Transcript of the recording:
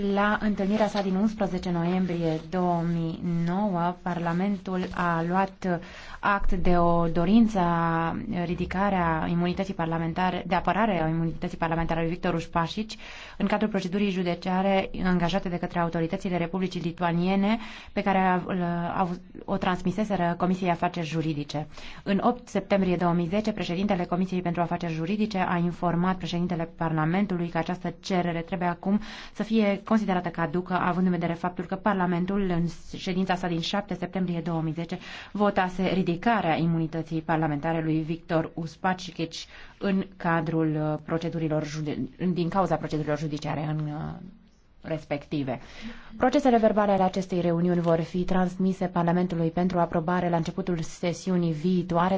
La întâlnirea sa din 11 noiembrie 2009, Parlamentul a luat act de o dorință a ridicarea imunității parlamentare, de apărare a imunității parlamentare lui Victor Ușpașici în cadrul procedurii judeciare angajate de către autoritățile Republicii Lituaniene pe care a, a, o transmiseseră Comisiei Afaceri Juridice. În 8 septembrie 2010, președintele Comisiei pentru Afaceri Juridice a informat președintele Parlamentului că această cerere trebuie acum să fie considerată caducă, având în vedere faptul că Parlamentul, în ședința sa din 7 septembrie 2010, votase ridicarea imunității parlamentare lui Victor Uspacicic în cadrul procedurilor din cauza procedurilor judiciare în respective. Procesele verbale ale acestei reuniuni vor fi transmise Parlamentului pentru aprobare la începutul sesiunii viitoare.